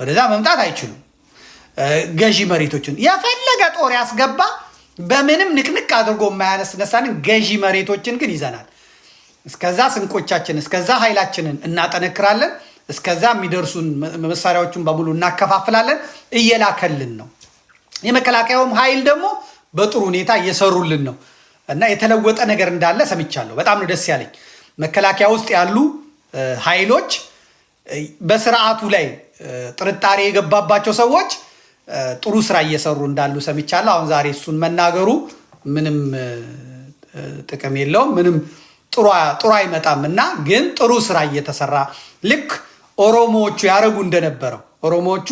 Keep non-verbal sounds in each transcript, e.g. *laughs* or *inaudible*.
ወደዛ መምጣት አይችሉም። ገዢ መሬቶችን የፈለገ ጦር ያስገባ በምንም ንቅንቅ አድርጎ የማያነስነሳንን ገዢ መሬቶችን ግን ይዘናል። እስከዛ ስንቆቻችን፣ እስከዛ ኃይላችንን እናጠነክራለን። እስከዛ የሚደርሱን መሳሪያዎቹን በሙሉ እናከፋፍላለን። እየላከልን ነው። የመከላከያውም ኃይል ደግሞ በጥሩ ሁኔታ እየሰሩልን ነው እና የተለወጠ ነገር እንዳለ ሰምቻለሁ። በጣም ነው ደስ ያለኝ። መከላከያ ውስጥ ያሉ ኃይሎች በስርዓቱ ላይ ጥርጣሬ የገባባቸው ሰዎች ጥሩ ስራ እየሰሩ እንዳሉ ሰምቻለሁ። አሁን ዛሬ እሱን መናገሩ ምንም ጥቅም የለውም፣ ምንም ጥሩ አይመጣም እና ግን ጥሩ ስራ እየተሰራ ልክ ኦሮሞዎቹ ያደረጉ እንደነበረው ኦሮሞዎቹ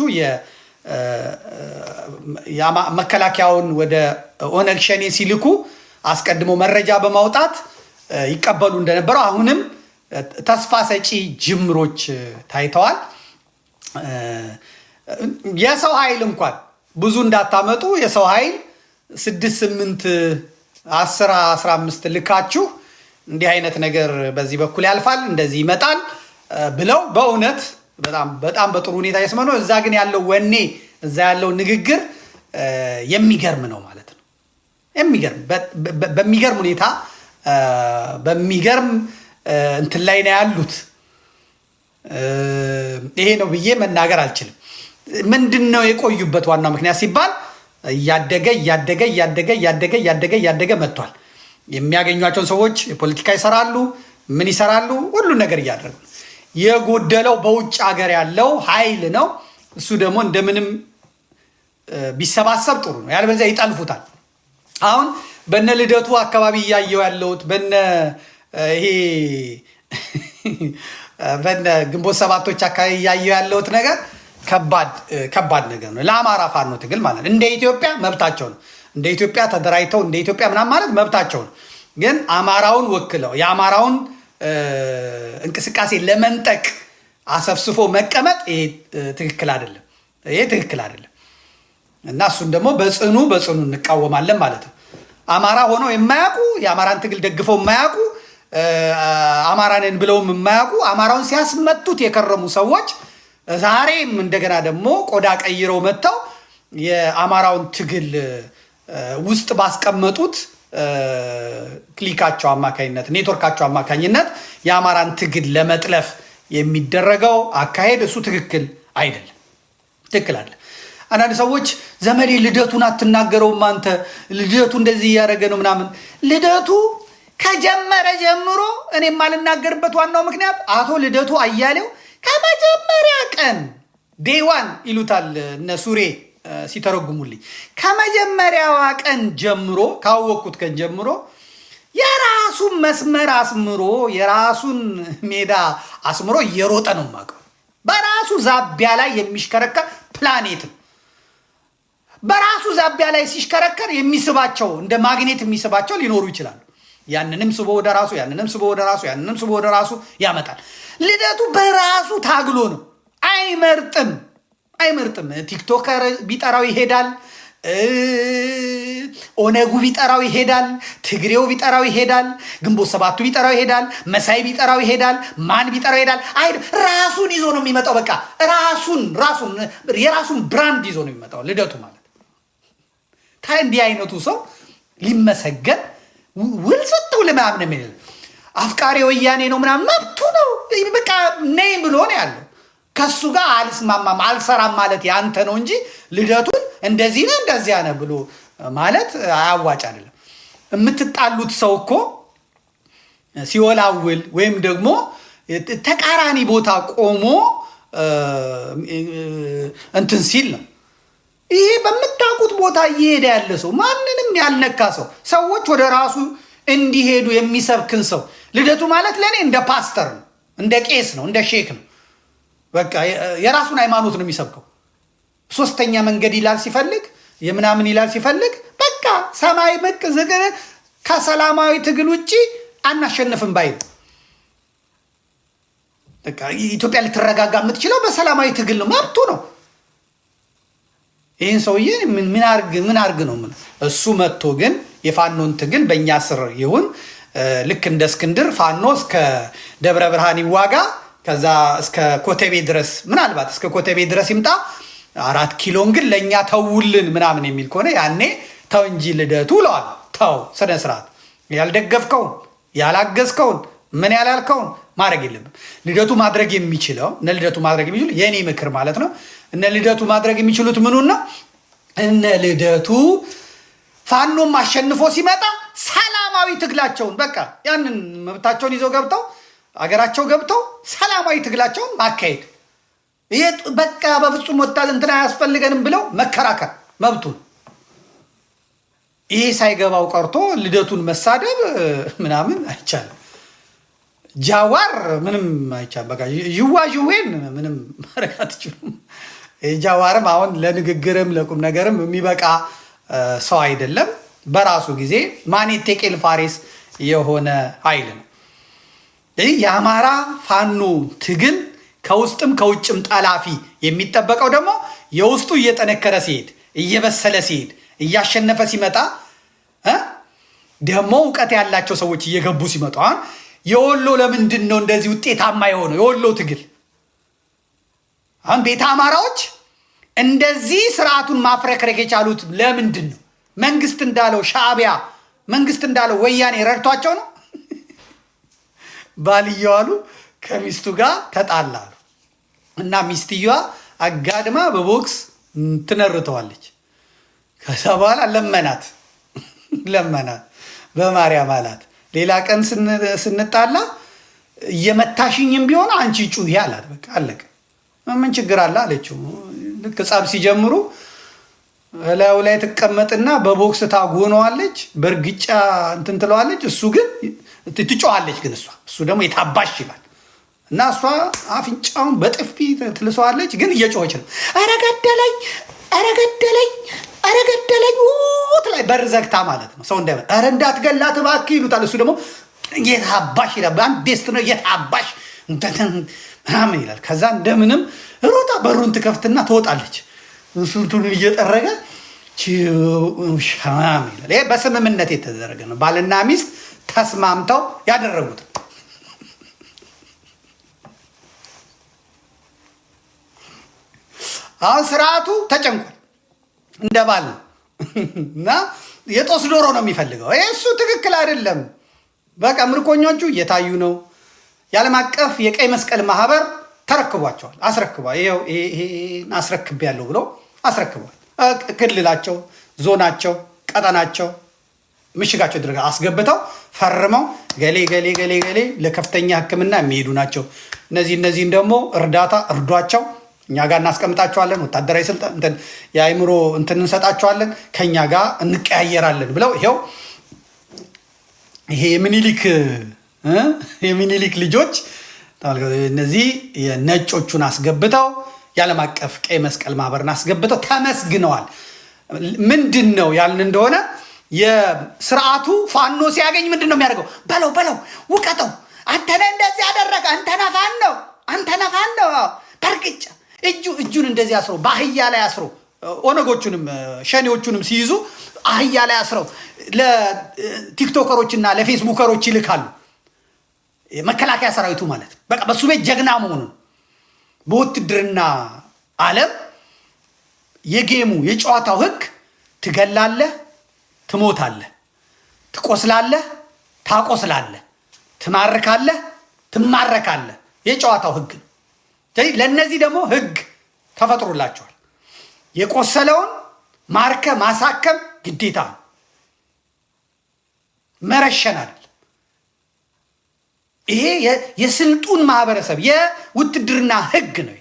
መከላከያውን ወደ ኦነግ ሸኔ ሲልኩ አስቀድሞ መረጃ በማውጣት ይቀበሉ እንደነበረው አሁንም ተስፋ ሰጪ ጅምሮች ታይተዋል። የሰው ኃይል እንኳን ብዙ እንዳታመጡ የሰው ኃይል ስድስት ስምንት አስር አስራ አምስት ልካችሁ እንዲህ አይነት ነገር በዚህ በኩል ያልፋል እንደዚህ ይመጣል ብለው በእውነት በጣም በጣም በጥሩ ሁኔታ ነው። እዛ ግን ያለው ወኔ እዛ ያለው ንግግር የሚገርም ነው ማለት ነው። የሚገርም በሚገርም ሁኔታ በሚገርም እንትን ላይ ነው ያሉት። ይሄ ነው ብዬ መናገር አልችልም። ምንድን ነው የቆዩበት ዋናው ምክንያት ሲባል እያደገ እያደገ እያደገ እያደገ እያደገ እያደገ መጥቷል። የሚያገኟቸውን ሰዎች የፖለቲካ ይሰራሉ፣ ምን ይሰራሉ፣ ሁሉ ነገር እያደረጉ የጎደለው በውጭ ሀገር ያለው ኃይል ነው። እሱ ደግሞ እንደምንም ቢሰባሰብ ጥሩ ነው፣ ያለበለዚያ ይጠልፉታል። አሁን በነ ልደቱ አካባቢ እያየው ያለሁት በነ ይሄ ግንቦት ሰባቶች አካባቢ እያየው ያለሁት ነገር ከባድ ነገር ነው። ለአማራ ፋኖ ትግል ማለት እንደ ኢትዮጵያ መብታቸው ነው። እንደ ኢትዮጵያ ተደራጅተው እንደ ኢትዮጵያ ምናምን ማለት መብታቸው ነው። ግን አማራውን ወክለው የአማራውን እንቅስቃሴ ለመንጠቅ አሰፍስፎ መቀመጥ ይሄ ትክክል አይደለም። ይሄ ትክክል አይደለም እና እሱን ደግሞ በጽኑ በጽኑ እንቃወማለን ማለት ነው። አማራ ሆነው የማያውቁ የአማራን ትግል ደግፈው የማያውቁ አማራንን ብለውም የማያውቁ አማራውን ሲያስመጡት የከረሙ ሰዎች ዛሬም እንደገና ደግሞ ቆዳ ቀይረው መጥተው የአማራውን ትግል ውስጥ ባስቀመጡት ክሊካቸው አማካኝነት ኔትወርካቸው አማካኝነት የአማራን ትግል ለመጥለፍ የሚደረገው አካሄድ እሱ ትክክል አይደለም። ትክክል አለ። አንዳንድ ሰዎች ዘመዴ ልደቱን አትናገረውም አንተ ልደቱ እንደዚህ እያደረገ ነው ምናምን ልደቱ ከጀመረ ጀምሮ እኔ የማልናገርበት ዋናው ምክንያት አቶ ልደቱ አያሌው ከመጀመሪያ ቀን ዴዋን ይሉታል እነ ሱሬ ሲተረጉሙልኝ፣ ከመጀመሪያዋ ቀን ጀምሮ ካወቅኩት ቀን ጀምሮ የራሱን መስመር አስምሮ የራሱን ሜዳ አስምሮ እየሮጠ ነው የማውቀው። በራሱ ዛቢያ ላይ የሚሽከረከር ፕላኔት ነው። በራሱ ዛቢያ ላይ ሲሽከረከር የሚስባቸው እንደ ማግኔት የሚስባቸው ሊኖሩ ይችላሉ። ያንንም ስቦ ወደ ራሱ ያንንም ስቦ ወደ ራሱ ያንንም ስቦ ወደ ራሱ ያመጣል። ልደቱ በራሱ ታግሎ ነው። አይመርጥም አይመርጥም። ቲክቶከር ቢጠራው ይሄዳል። ኦነጉ ቢጠራው ይሄዳል። ትግሬው ቢጠራው ይሄዳል። ግንቦት ሰባቱ ቢጠራው ይሄዳል። መሳይ ቢጠራው ይሄዳል። ማን ቢጠራው ይሄዳል። አይ ራሱን ይዞ ነው የሚመጣው። በቃ ራሱን ራሱን የራሱን ብራንድ ይዞ ነው የሚመጣው ልደቱ ማለት። እንዲህ አይነቱ ሰው ሊመሰገን ውል ሰጠው ለምናምን የሚል አፍቃሪ ወያኔ ነው ምናምን መብቱ ነው። በቃ ነይ ብሎ ነው ያለው። ከሱ ጋር አልስማማም አልሰራም ማለት ያንተ ነው እንጂ ልደቱን እንደዚህ ነው እንደዚያ ነው ብሎ ማለት አያዋጭ አይደለም። የምትጣሉት ሰው እኮ ሲወላውል ወይም ደግሞ ተቃራኒ ቦታ ቆሞ እንትን ሲል ነው ይሄ በምታውቁት ቦታ እየሄደ ያለ ሰው ማንንም ያልነካ ሰው ሰዎች ወደ ራሱ እንዲሄዱ የሚሰብክን ሰው ልደቱ ማለት ለእኔ እንደ ፓስተር ነው፣ እንደ ቄስ ነው፣ እንደ ሼክ ነው። በቃ የራሱን ሃይማኖት ነው የሚሰብከው። ሶስተኛ መንገድ ይላል ሲፈልግ የምናምን ይላል ሲፈልግ በቃ ሰማይ ብቅ ዝግር ከሰላማዊ ትግል ውጭ አናሸንፍም ባይ ኢትዮጵያ ልትረጋጋ የምትችለው በሰላማዊ ትግል ነው። መብቱ ነው። ይህን ሰውዬ ምን አርግ ነው ምን እሱ መጥቶ ግን የፋኖን ትግል በእኛ ስር ይሁን ልክ እንደ እስክንድር ፋኖ እስከ ደብረ ብርሃን ይዋጋ፣ ከዛ እስከ ኮተቤ ድረስ ምናልባት እስከ ኮተቤ ድረስ ይምጣ፣ አራት ኪሎን ግን ለእኛ ተውልን ምናምን የሚል ከሆነ ያኔ ተው እንጂ ልደቱ ውለዋል ተው ስነ ስርዓት ያልደገፍከውን ያላገዝከውን ምን ያላልከውን ማድረግ የለብም። ልደቱ ማድረግ የሚችለው እነ ልደቱ ማድረግ የሚችል የእኔ ምክር ማለት ነው እነ ልደቱ ማድረግ የሚችሉት ነው እነ ልደቱ ፋኖም አሸንፎ ሲመጣ ሰላማዊ ትግላቸውን በቃ ያንን መብታቸውን ይዘው ገብተው አገራቸው ገብተው ሰላማዊ ትግላቸውን ማካሄድ በቃ በፍጹም ወታደር እንትን አያስፈልገንም ብለው መከራከር መብቱን። ይሄ ሳይገባው ቀርቶ ልደቱን መሳደብ ምናምን አይቻልም። ጃዋር ምንም አይቻልም። በቃ ይዋ ምንም ማድረግ አትችሉም። ጃዋርም አሁን ለንግግርም ለቁም ነገርም የሚበቃ ሰው አይደለም። በራሱ ጊዜ ማን ቴቄል ፋሬስ የሆነ ኃይል ነው። ይህ የአማራ ፋኖ ትግል ከውስጥም ከውጭም ጠላፊ የሚጠበቀው ደግሞ የውስጡ እየጠነከረ ሲሄድ፣ እየበሰለ ሲሄድ፣ እያሸነፈ ሲመጣ ደግሞ እውቀት ያላቸው ሰዎች እየገቡ ሲመጡ አሁን የወሎ ለምንድን ነው እንደዚህ ውጤታማ የሆነው የወሎ ትግል አሁን ቤተ አማራዎች እንደዚህ ስርዓቱን ማፍረክረክ የቻሉት ለምንድን ነው? መንግስት እንዳለው ሻዕቢያ መንግስት እንዳለው ወያኔ ረድቷቸው ነው። *laughs* ባልየዋሉ ከሚስቱ ጋር ተጣላሉ እና ሚስትየዋ አጋድማ በቦክስ ትነርተዋለች። ከዛ በኋላ ለመናት *laughs* ለመናት በማርያም አላት። ሌላ ቀን ስንጣላ እየመታሽኝም ቢሆን አንቺ ጩሂ አላት። በቃ አለቀ። ምን ችግር አለ አለችው። ልክ ጸብ ሲጀምሩ እላዩ ላይ ትቀመጥና በቦክስ ታጎነዋለች፣ በእርግጫ እንትን ትለዋለች። እሱ ግን ትጮዋለች። ግን እሷ እሱ ደግሞ የታባሽ ይላል እና እሷ አፍንጫውን በጥፊ ትልሰዋለች። ግን እየጮኸች ነው። ኧረ ገደለኝ፣ ኧረ ገደለኝ፣ ኧረ ገደለኝ ውት ላይ በር ዘግታ ማለት ነው። ሰው እንዳይበ ኧረ እንዳትገላት እባክህ ይሉታል። እሱ ደግሞ የታባሽ ይላል። በአንድ ቤስት ነው የታባሽ ምናምን ይላል። ከዛ እንደምንም ሮጣ በሩን ትከፍትና ትወጣለች። ስልቱን እየጠረገ ምናምን ይላል። ይሄ በስምምነት የተደረገ ነው። ባልና ሚስት ተስማምተው ያደረጉት አሁን ስርዓቱ ተጨንቋል። እንደ ባል ነው እና የጦስ ዶሮ ነው የሚፈልገው። ይሄ እሱ ትክክል አይደለም። በቃ ምርኮኞቹ እየታዩ ነው። የዓለም አቀፍ የቀይ መስቀል ማህበር ተረክቧቸዋል። አስረክቧል። ይሄን አስረክብ ያለው ብሎ አስረክቧል። ክልላቸው፣ ዞናቸው፣ ቀጠናቸው ምሽጋቸው ድረጋ አስገብተው ፈርመው ገሌ ገሌ ገሌ ገሌ ለከፍተኛ ሕክምና የሚሄዱ ናቸው። እነዚህ እነዚህን ደግሞ እርዳታ እርዷቸው፣ እኛ ጋር እናስቀምጣቸዋለን፣ ወታደራዊ ስልጠን የአይምሮ እንትን እንሰጣቸዋለን፣ ከኛ ጋር እንቀያየራለን ብለው ይኸው ይሄ የምኒልክ የሚኒሊክ ልጆች እነዚህ ነጮቹን አስገብተው የዓለም አቀፍ ቀይ መስቀል ማህበርን አስገብተው ተመስግነዋል። ምንድን ነው ያልን እንደሆነ የስርዓቱ ፋኖ ሲያገኝ ምንድን ነው የሚያደርገው? በለው በለው፣ ውቀጠው፣ አንተነ እንደዚህ አደረገ፣ አንተነ ፋኖ አንተነ ፋኖ በርግጫ እጁ እጁን እንደዚህ አስሮ በአህያ ላይ አስሮ ኦነጎቹንም ሸኔዎቹንም ሲይዙ አህያ ላይ አስረው ለቲክቶከሮችና ለፌስቡከሮች ይልካሉ። መከላከያ ሰራዊቱ ማለት ነው። በቃ በሱ ቤት ጀግና መሆኑን በውትድርና ዓለም የጌሙ የጨዋታው ህግ ትገላለህ፣ ትሞታለህ፣ ትቆስላለህ፣ ታቆስላለህ፣ ትማርካለህ፣ ትማረካለህ። የጨዋታው ህግ ነው። ስለዚህ ለእነዚህ ደግሞ ህግ ተፈጥሮላቸዋል። የቆሰለውን ማርከ ማሳከም ግዴታ ነው። መረሸናል ይሄ የስልጡን ማህበረሰብ የውትድርና ህግ ነው።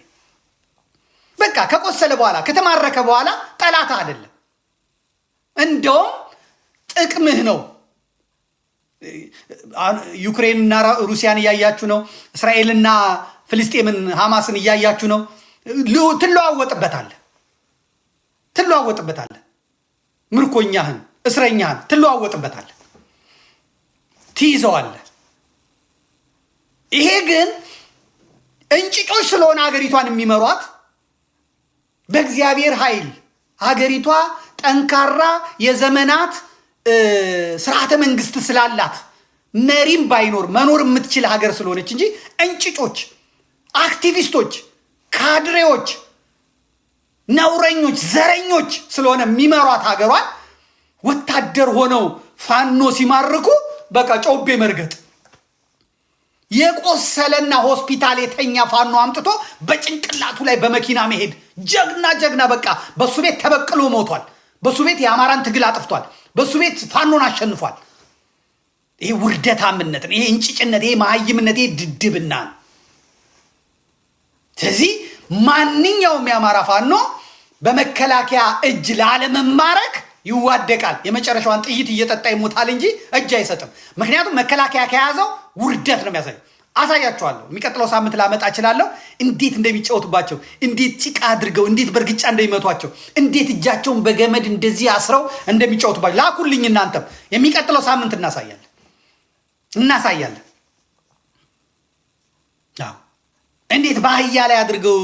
በቃ ከቆሰለ በኋላ ከተማረከ በኋላ ጠላት አይደለም፣ እንደውም ጥቅምህ ነው። ዩክሬንና ሩሲያን እያያችሁ ነው። እስራኤልና ፍልስጤምን ሐማስን እያያችሁ ነው። ትለዋወጥበታለህ ትለዋወጥበታለህ ምርኮኛህን፣ እስረኛህን ትለዋወጥበታለህ፣ ትይዘዋለህ። ይሄ ግን እንጭጮች ስለሆነ ሀገሪቷን የሚመሯት በእግዚአብሔር ኃይል ሀገሪቷ ጠንካራ የዘመናት ስርዓተ መንግስት ስላላት መሪም ባይኖር መኖር የምትችል ሀገር ስለሆነች እንጂ እንጭጮች፣ አክቲቪስቶች፣ ካድሬዎች፣ ነውረኞች፣ ዘረኞች ስለሆነ የሚመሯት ሀገሯን ወታደር ሆነው ፋኖ ሲማርኩ በቃ ጮቤ መርገጥ የቆሰለና ሆስፒታል የተኛ ፋኖ አምጥቶ በጭንቅላቱ ላይ በመኪና መሄድ ጀግና ጀግና። በቃ በሱ ቤት ተበቅሎ ሞቷል። በሱ ቤት የአማራን ትግል አጥፍቷል። በሱ ቤት ፋኖን አሸንፏል። ይሄ ውርደታምነት ነው። ይሄ እንጭጭነት፣ ይሄ መሀይምነት፣ ይሄ ድድብና ነው። ስለዚህ ማንኛውም የአማራ ፋኖ በመከላከያ እጅ ላለመማረክ ይዋደቃል። የመጨረሻዋን ጥይት እየጠጣ ይሞታል እንጂ እጅ አይሰጥም። ምክንያቱም መከላከያ ከያዘው ውርደት ነው የሚያሳየው። አሳያችኋለሁ። የሚቀጥለው ሳምንት ላመጣ እችላለሁ። እንዴት እንደሚጫወቱባቸው፣ እንዴት ጭቃ አድርገው፣ እንዴት በእርግጫ እንደሚመቷቸው፣ እንዴት እጃቸውን በገመድ እንደዚህ አስረው እንደሚጫወቱባቸው ላኩልኝ። እናንተም የሚቀጥለው ሳምንት እናሳያለን እናሳያለን እንዴት በአህያ ላይ አድርገው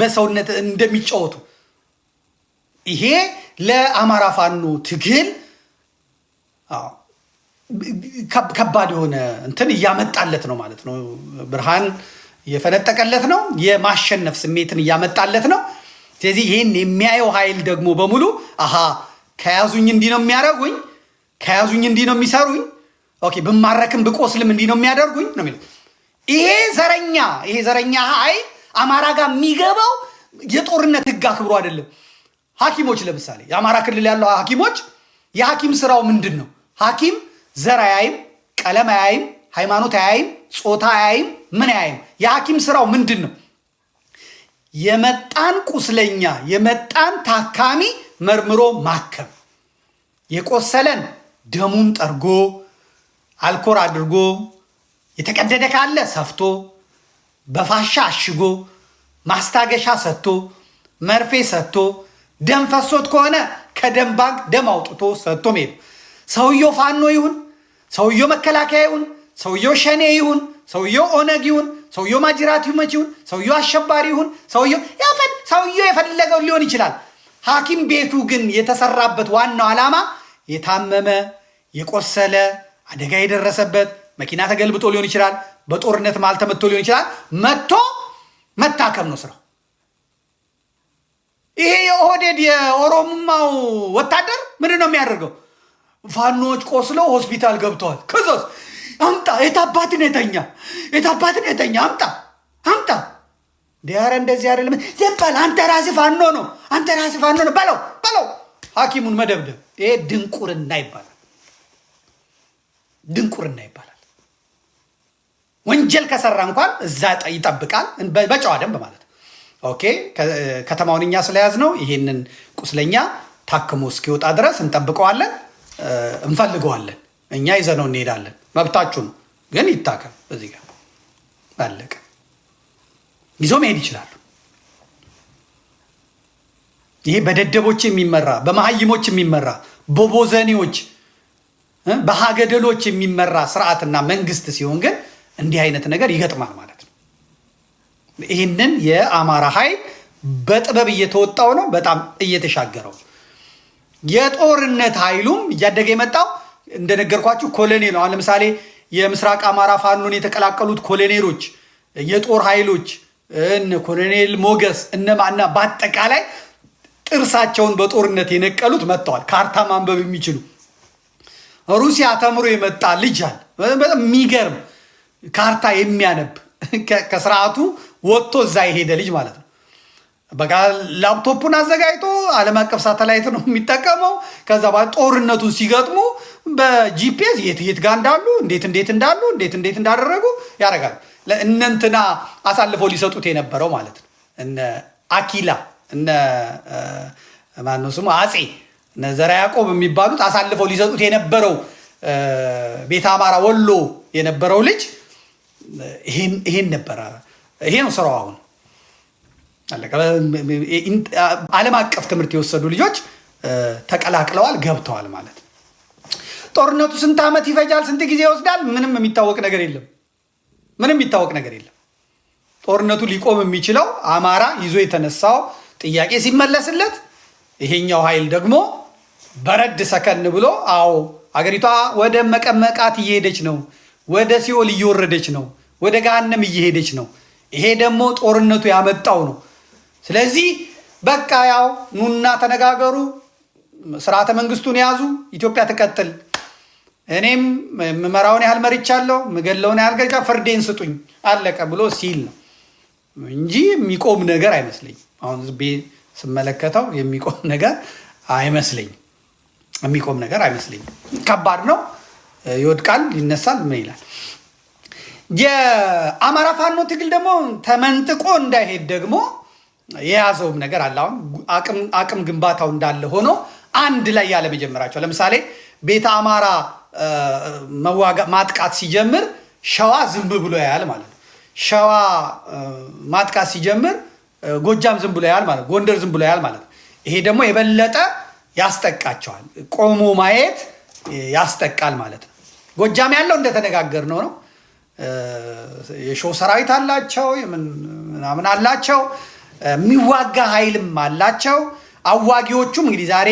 በሰውነት እንደሚጫወቱ ይሄ ለአማራ ፋኖ ትግል ከባድ የሆነ እንትን እያመጣለት ነው ማለት ነው። ብርሃን እየፈነጠቀለት ነው። የማሸነፍ ስሜትን እያመጣለት ነው። ስለዚህ ይህን የሚያየው ኃይል ደግሞ በሙሉ አሃ ከያዙኝ እንዲህ ነው የሚያደርጉኝ፣ ከያዙኝ እንዲህ ነው የሚሰሩኝ፣ ኦኬ ብማረክም ብቆስልም እንዲህ ነው የሚያደርጉኝ ነው የሚለው ይሄ ዘረኛ ይሄ ዘረኛ ኃይል አማራ ጋር የሚገባው የጦርነት ህግ አክብሮ አይደለም። ሐኪሞች ለምሳሌ የአማራ ክልል ያለው ሐኪሞች የሐኪም ስራው ምንድን ነው? ሐኪም ዘር አያይም፣ ቀለም አያይም፣ ሃይማኖት አያይም፣ ጾታ አያይም፣ ምን አያይም። የሐኪም ስራው ምንድን ነው? የመጣን ቁስለኛ የመጣን ታካሚ መርምሮ ማከም፣ የቆሰለን ደሙን ጠርጎ አልኮር አድርጎ የተቀደደ ካለ ሰፍቶ በፋሻ አሽጎ ማስታገሻ ሰጥቶ መርፌ ሰጥቶ ደም ፈሶት ከሆነ ከደም ባንክ ደም አውጥቶ ሰጥቶ መሄድ። ሰውየው ፋኖ ይሁን፣ ሰውየው መከላከያ ይሁን፣ ሰውየው ሸኔ ይሁን፣ ሰውየው ኦነግ ይሁን፣ ሰውየው ማጅራት መች ይሁን፣ ሰውየው አሸባሪ ይሁን፣ ሰውየው የፈለገው ሊሆን ይችላል። ሐኪም ቤቱ ግን የተሰራበት ዋናው ዓላማ የታመመ የቆሰለ አደጋ የደረሰበት መኪና ተገልብጦ ሊሆን ይችላል። በጦርነት ማልተመቶ ሊሆን ይችላል። መጥቶ መታከም ነው ስራው። ይሄ የኦህዴድ የኦሮማው ወታደር ምንድን ነው የሚያደርገው? ፋኖች ቆስለው ሆስፒታል ገብተዋል። ክዞስ አምጣ የታባትን የተኛ የታባትን የተኛ አምጣ አምጣ ዲያረ እንደዚህ አይደለም። ዝም በል አንተ ራስህ ፋኖ ነው፣ አንተ ራስህ ፋኖ ነው በለው በለው። ሐኪሙን መደብደብ ይሄ ድንቁርና ይባላል፣ ድንቁርና ይባላል። ወንጀል ከሰራ እንኳን እዛ ይጠብቃል፣ በጨዋ ደንብ ማለት ኦኬ ከተማውን እኛ ስለያዝ ነው። ይህንን ቁስለኛ ታክሞ እስኪወጣ ድረስ እንጠብቀዋለን፣ እንፈልገዋለን። እኛ ይዘነው እንሄዳለን። መብታችሁ ነው፣ ግን ይታከም። በዚህ ጋር አለቀ። ይዞ መሄድ ይችላሉ። ይሄ በደደቦች የሚመራ በመሀይሞች የሚመራ በቦዘኔዎች በሀገደሎች የሚመራ ስርዓትና መንግስት ሲሆን ግን እንዲህ አይነት ነገር ይገጥማል ማለት ነው። ይህንን የአማራ ኃይል በጥበብ እየተወጣው ነው፣ በጣም እየተሻገረው። የጦርነት ኃይሉም እያደገ የመጣው እንደነገርኳችሁ ኮሎኔል ነው። አሁን ለምሳሌ የምስራቅ አማራ ፋኖን የተቀላቀሉት ኮሎኔሎች፣ የጦር ኃይሎች ኮሎኔል ሞገስ እነማና በአጠቃላይ ጥርሳቸውን በጦርነት የነቀሉት መጥተዋል። ካርታ ማንበብ የሚችሉ ሩሲያ ተምሮ የመጣ ልጅ አለ። በጣም የሚገርም ካርታ የሚያነብ ከስርዓቱ ወጥቶ እዛ የሄደ ልጅ ማለት ነው። በቃ ላፕቶፑን አዘጋጅቶ ዓለም አቀፍ ሳተላይት ነው የሚጠቀመው። ከዛ በኋላ ጦርነቱን ሲገጥሙ በጂፒኤስ የት የት ጋር እንዳሉ እንዴት እንዴት እንዳሉ እንዴት እንዴት እንዳደረጉ ያደርጋሉ። እነንትና አሳልፈው ሊሰጡት የነበረው ማለት ነው። እነ አኪላ እነ ማነው ስሙ አጼ እነ ዘርዓ ያዕቆብ የሚባሉት አሳልፈው ሊሰጡት የነበረው ቤተ አማራ ወሎ የነበረው ልጅ ይሄን ነበረ። ይሄ ነው ስራው። አሁን ዓለም አቀፍ ትምህርት የወሰዱ ልጆች ተቀላቅለዋል፣ ገብተዋል ማለት ነው። ጦርነቱ ስንት ዓመት ይፈጃል፣ ስንት ጊዜ ይወስዳል? ምንም የሚታወቅ ነገር የለም። ምንም የሚታወቅ ነገር የለም። ጦርነቱ ሊቆም የሚችለው አማራ ይዞ የተነሳው ጥያቄ ሲመለስለት፣ ይሄኛው ኃይል ደግሞ በረድ ሰከን ብሎ አዎ አገሪቷ ወደ መቀመቃት እየሄደች ነው፣ ወደ ሲኦል እየወረደች ነው፣ ወደ ገሃነም እየሄደች ነው ይሄ ደግሞ ጦርነቱ ያመጣው ነው። ስለዚህ በቃ ያው ኑና ተነጋገሩ፣ ስርዓተ መንግስቱን ያዙ፣ ኢትዮጵያ ትቀጥል። እኔም ምመራውን ያህል መርቻለሁ፣ ምገለውን ያህል ገጫ፣ ፍርዴን ስጡኝ አለቀ ብሎ ሲል ነው እንጂ የሚቆም ነገር አይመስለኝም። አሁን ዝቤ ስመለከተው የሚቆም ነገር አይመስለኝም። የሚቆም ነገር አይመስለኝም። ከባድ ነው። ይወድቃል፣ ይነሳል፣ ምን ይላል? የአማራ ፋኖ ትግል ደግሞ ተመንጥቆ እንዳይሄድ ደግሞ የያዘውም ነገር አለ። አሁን አቅም ግንባታው እንዳለ ሆኖ አንድ ላይ ያለመጀመራቸው፣ ለምሳሌ ቤተ አማራ ማጥቃት ሲጀምር ሸዋ ዝም ብሎ ያያል ማለት ነው። ሸዋ ማጥቃት ሲጀምር ጎጃም ዝም ብሎ ያያል ማለት ነው። ጎንደር ዝም ብሎ ያያል ማለት ነው። ይሄ ደግሞ የበለጠ ያስጠቃቸዋል። ቆሞ ማየት ያስጠቃል ማለት ነው። ጎጃም ያለው እንደተነጋገር ነው ነው የሾው ሰራዊት አላቸው፣ ምናምን አላቸው፣ የሚዋጋ ኃይልም አላቸው። አዋጊዎቹም እንግዲህ ዛሬ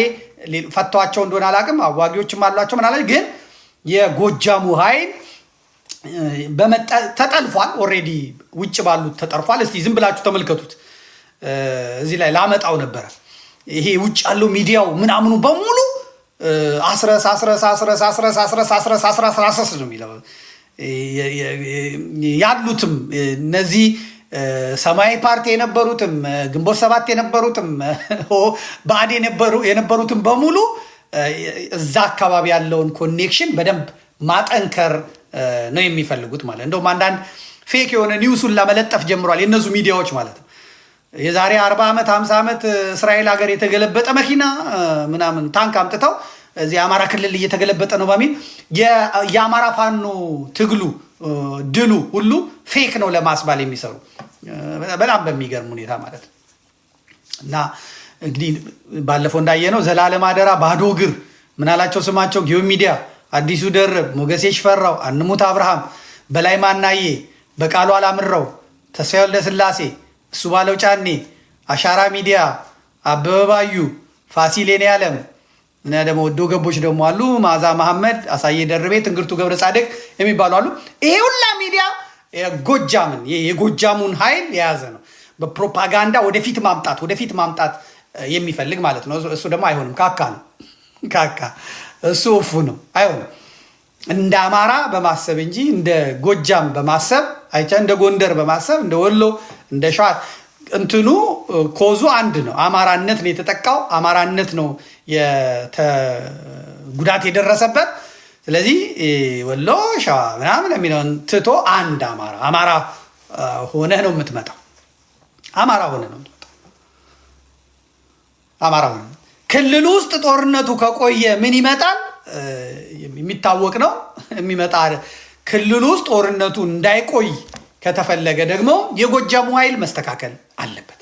ፈቷቸው እንደሆነ አላውቅም፣ አዋጊዎችም አሏቸው። ምናለ ግን የጎጃሙ ኃይል ተጠልፏል። ኦልሬዲ ውጭ ባሉት ተጠርፏል። እስቲ ዝም ብላችሁ ተመልከቱት። እዚህ ላይ ላመጣው ነበረ። ይሄ ውጭ ያለው ሚዲያው ምናምኑ በሙሉ አስረስ አስረስ አስረስ አስረስ አስረስ አስረስ አስረስ አስረስ ነው የሚለው ያሉትም እነዚህ ሰማያዊ ፓርቲ የነበሩትም ግንቦት ሰባት የነበሩትም በአድ የነበሩትም በሙሉ እዛ አካባቢ ያለውን ኮኔክሽን በደንብ ማጠንከር ነው የሚፈልጉት ማለት እንደውም አንዳንድ ፌክ የሆነ ኒውሱን ለመለጠፍ ጀምሯል የነዙ ሚዲያዎች ማለት ነው። የዛሬ አርባ ዓመት ሀምሳ ዓመት እስራኤል ሀገር የተገለበጠ መኪና ምናምን ታንክ አምጥተው እዚህ የአማራ ክልል እየተገለበጠ ነው በሚል የአማራ ፋኖ ትግሉ ድሉ ሁሉ ፌክ ነው ለማስባል የሚሰሩ በጣም በሚገርም ሁኔታ ማለት ነው። እና እንግዲህ ባለፈው እንዳየነው ዘላለም አደራ ባዶ እግር ምናላቸው ስማቸው ጊዮ ሚዲያ፣ አዲሱ ደርብ፣ ሞገሴ ሽፈራው፣ አንሙት አብርሃም፣ በላይ ማናዬ፣ በቃሉ አላምረው፣ ተስፋ ወልደስላሴ፣ እሱ ባለው ጫኔ፣ አሻራ ሚዲያ፣ አበበባዩ፣ ፋሲሌኔ አለም እና ደግሞ ወዶ ገቦች ደግሞ አሉ። ማዛ መሐመድ፣ አሳየ ደርቤ፣ ትንግርቱ ገብረ ጻድቅ የሚባሉ አሉ። ይሄ ሁላ ሚዲያ ጎጃምን የጎጃሙን ኃይል የያዘ ነው። በፕሮፓጋንዳ ወደፊት ማምጣት ወደፊት ማምጣት የሚፈልግ ማለት ነው። እሱ ደግሞ አይሆንም። ካካ ነው ካካ እሱ እፉ ነው። አይሆንም። እንደ አማራ በማሰብ እንጂ እንደ ጎጃም በማሰብ አይቻ እንደ ጎንደር በማሰብ እንደ ወሎ እንደ ሸዋት እንትኑ ኮዙ አንድ ነው። አማራነት ነው የተጠቃው፣ አማራነት ነው ጉዳት የደረሰበት። ስለዚህ ወሎ ሸዋ ምናምን የሚለውን ትቶ አንድ አማራ አማራ ሆነህ ነው የምትመጣው። አማራ ሆነህ ነው አማራ ሆነ ክልሉ ውስጥ ጦርነቱ ከቆየ ምን ይመጣል? የሚታወቅ ነው የሚመጣ ክልሉ ውስጥ ጦርነቱ እንዳይቆይ ከተፈለገ ደግሞ የጎጃሙ ኃይል መስተካከል አለበት።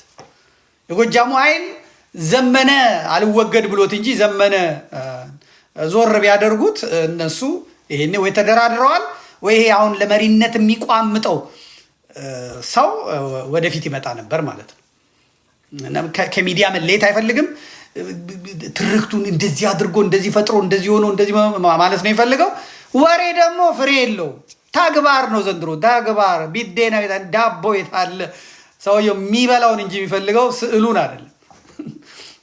የጎጃሙ ኃይል ዘመነ አልወገድ ብሎት እንጂ ዘመነ ዞር ቢያደርጉት እነሱ ይሄኔ ወይ ተደራድረዋል ወይ ይሄ አሁን ለመሪነት የሚቋምጠው ሰው ወደፊት ይመጣ ነበር ማለት ነው። ከሚዲያ መለየት አይፈልግም። ትርክቱን እንደዚህ አድርጎ እንደዚህ ፈጥሮ እንደዚህ ሆኖ እንደዚህ ማለት ነው የሚፈልገው። ወሬ ደግሞ ፍሬ የለውም። ተግባር ነው ዘንድሮ ተግባር ቢዴና ቤታ ዳቦ የታለ ሰውየው የሚበላውን እንጂ የሚፈልገው ስዕሉን አይደለም።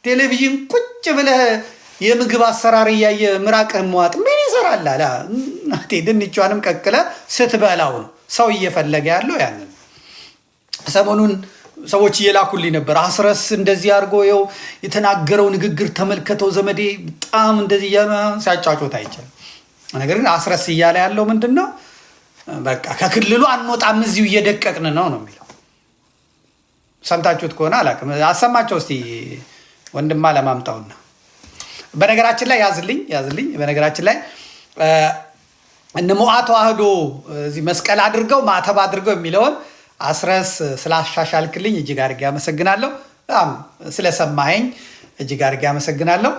ቴሌቪዥን ቁጭ ብለህ የምግብ አሰራር እያየ ምራቅህን መዋጥ ምን ይሰራል? አለ ድንቿንም ቀቅለ ስትበላው ነው ሰው እየፈለገ ያለው ያንን። ሰሞኑን ሰዎች እየላኩልኝ ነበር። አስረስ እንደዚህ አድርጎ ው የተናገረው ንግግር ተመልከተው ዘመዴ በጣም እንደዚህ ሲያጫጩት አይቻልም። ነገር ግን አስረስ እያለ ያለው ምንድን ነው በቃ ከክልሉ አንወጣም እዚሁ እየደቀቅን ነው ነው የሚለው። ሰምታችሁት ከሆነ አላውቅም፣ አሰማቸው እስቲ ወንድማ ለማምጣውና በነገራችን ላይ ያዝልኝ ያዝልኝ። በነገራችን ላይ እነ ሞዓ ተዋህዶ እዚህ መስቀል አድርገው ማተብ አድርገው የሚለውን አስረስ ስላሻሻልክልኝ እጅግ አድርጌ አመሰግናለሁ። በጣም ስለሰማኸኝ እጅግ አድርጌ አመሰግናለሁ።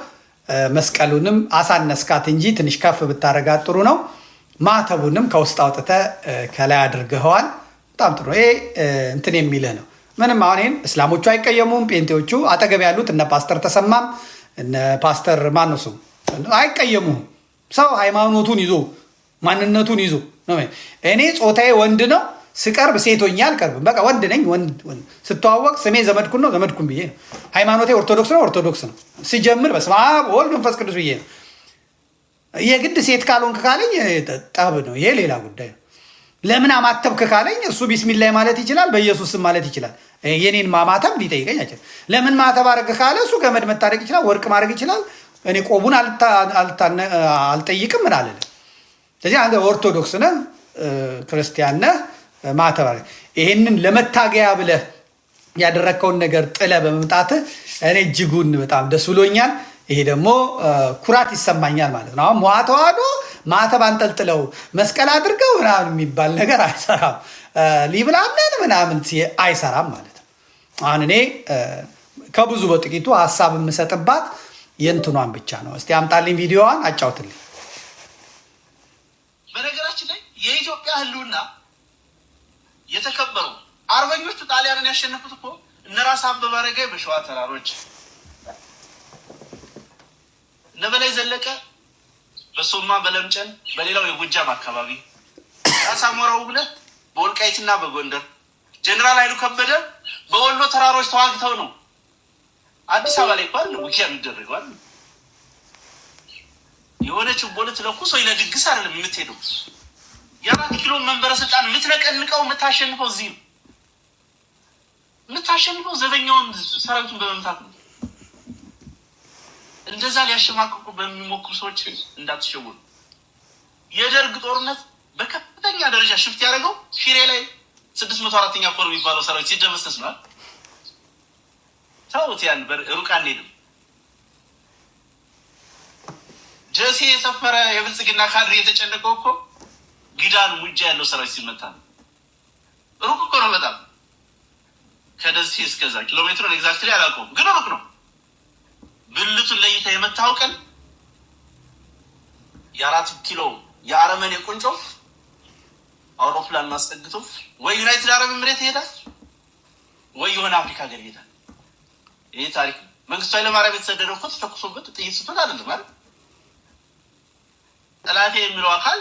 መስቀሉንም አሳነስካት እንጂ ትንሽ ከፍ ብታረጋት ጥሩ ነው። ማተቡንም ከውስጥ አውጥተ ከላይ አድርገኸዋል። በጣም ጥሩ። ይሄ እንትን የሚልህ ነው። ምንም አሁን ይህን እስላሞቹ አይቀየሙም። ጴንጤዎቹ አጠገብ ያሉት እነ ፓስተር ተሰማም እነ ፓስተር ማነሱ አይቀየሙም። ሰው ሃይማኖቱን ይዞ ማንነቱን ይዞ እኔ ጾታዬ ወንድ ነው ስቀርብ ሴቶኛ አልቀርብም። በቃ ወንድ ነኝ። ስተዋወቅ ስሜ ዘመድኩን ነው ዘመድኩን ብዬ ነው። ሃይማኖቴ ኦርቶዶክስ ነው ኦርቶዶክስ ነው ስጀምር በስመ አብ ወልድ መንፈስ ቅዱስ ብዬ ነው። የግድ ሴት ካልሆንክ ካለኝ ጠብ ነው፣ ይሄ ሌላ ጉዳይ ነው። ለምን አማተብክ ካለኝ እሱ ቢስሚላይ ማለት ይችላል፣ በኢየሱስም ማለት ይችላል። የኔን ማማተብ ሊጠይቀኝ አይችል። ለምን ማተብ አረግ ካለ እሱ ገመድ መታረግ ይችላል፣ ወርቅ ማድረግ ይችላል። እኔ ቆቡን አልጠይቅም ምን አለለ። ስለዚህ አንተ ኦርቶዶክስ ነህ፣ ክርስቲያን ነህ፣ ማተብ አረግ። ይሄንን ለመታገያ ብለህ ያደረግከውን ነገር ጥለህ በመምጣትህ እኔ እጅጉን በጣም ደስ ብሎኛል። ይሄ ደግሞ ኩራት ይሰማኛል ማለት ነው። አሁን መዋ ተዋህዶ ማተብ አንጠልጥለው መስቀል አድርገው ምናምን የሚባል ነገር አይሰራም። ሊብላለን ምናምን አይሰራም ማለት ነው። አሁን እኔ ከብዙ በጥቂቱ ሀሳብ የምሰጥባት የእንትኗን ብቻ ነው። እስቲ አምጣልኝ ቪዲዮዋን አጫውትልኝ። በነገራችን ላይ የኢትዮጵያ ህልና የተከበሩ አርበኞቹ ጣሊያንን ያሸነፉት እኮ እነ ራስ አበበ አረጋይ በሸዋ ተራሮች ነበላይ ዘለቀ በሶማ በለምጨን በሌላው የጎጃም አካባቢ ሳሞራው ብለ በወልቃይትና በጎንደር ጀኔራል ኃይሉ ከበደ በወሎ ተራሮች ተዋግተው ነው አዲስ አበባ ላይ ባል ውጊያ የሚደረገዋል። የሆነ ችቦ ልትለኩስ ወይ ለድግስ አይደለም የምትሄደው። የአራት ኪሎ መንበረ ስልጣን የምትነቀንቀው የምታሸንፈው እዚህ ነው። የምታሸንፈው ዘበኛውን ሰራዊቱን በመምታት ነው። እንደዛ ሊያሸማቅቁ በሚሞክሩ ሰዎች እንዳትሸውሉ። የደርግ ጦርነት በከፍተኛ ደረጃ ሽፍት ያደረገው ሽሬ ላይ ስድስት መቶ አራተኛ ኮር የሚባለው ሰራዊት ሲደመሰስ ነዋል። ተውት፣ ያን ሩቅ አንሄድም። ደሴ የሰፈረ የብልጽግና ካድሬ የተጨነቀው እኮ ግዳን ሙጃ ያለው ሰራዊት ሲመታ ነው። ሩቅ እኮ ነው በጣም ከደሴ እስከዛ ኪሎ ሜትሩን ኤግዛክትሊ አላውቀውም፣ ግን ሩቅ ነው። ብልቱን ለይተ የመታኸው የአራት ኪሎ የአረመኔ ቁንጮ አውሮፕላን ማስጠግቶ ወይ ዩናይትድ አረብ ምሬት ይሄዳል ወይ የሆነ አፍሪካ ሀገር ይሄዳል። ይህ ታሪክ ነው። መንግስቱ ኃይለማርያም የተሰደደው እኮ ተተኩሶበት ጥይት ስቶት አይደለም አይደል? ጠላቴ የሚለው አካል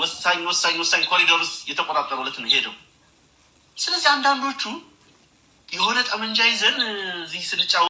ወሳኝ ወሳኝ ወሳኝ ኮሪደር ውስጥ የተቆጣጠሩለት ነው ሄደው። ስለዚህ አንዳንዶቹ የሆነ ጠመንጃ ይዘን እዚህ ስንጫወት